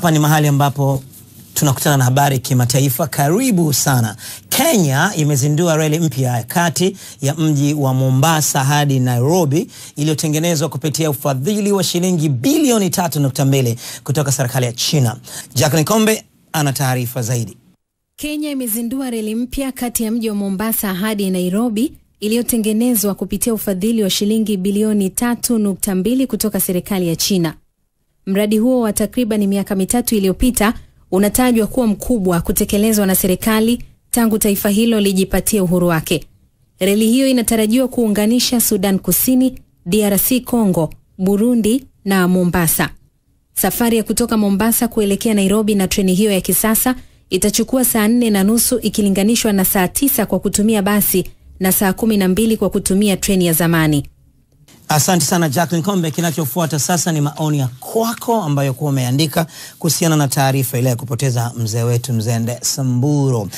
Hapa ni mahali ambapo tunakutana na habari kimataifa. Karibu sana. Kenya imezindua reli mpya kati ya mji wa Mombasa hadi Nairobi iliyotengenezwa kupitia ufadhili wa shilingi bilioni 3.2 kutoka serikali ya China. Jacqueline Kombe ana taarifa zaidi. Kenya imezindua reli mpya kati ya mji wa Mombasa hadi Nairobi iliyotengenezwa kupitia ufadhili wa shilingi bilioni 3.2 kutoka serikali ya China. Mradi huo wa takriban miaka mitatu iliyopita unatajwa kuwa mkubwa kutekelezwa na serikali tangu taifa hilo lijipatie uhuru wake. Reli hiyo inatarajiwa kuunganisha Sudan Kusini, DRC Congo, Burundi na Mombasa. Safari ya kutoka Mombasa kuelekea Nairobi na treni hiyo ya kisasa itachukua saa nne na nusu ikilinganishwa na saa tisa kwa kutumia basi na saa kumi na mbili kwa kutumia treni ya zamani. Asante sana Jacqueline Kombe. Kinachofuata sasa ni maoni ya kwako ambayo kuwa umeandika kuhusiana na taarifa ile ya kupoteza mzee wetu Mzende Samburo.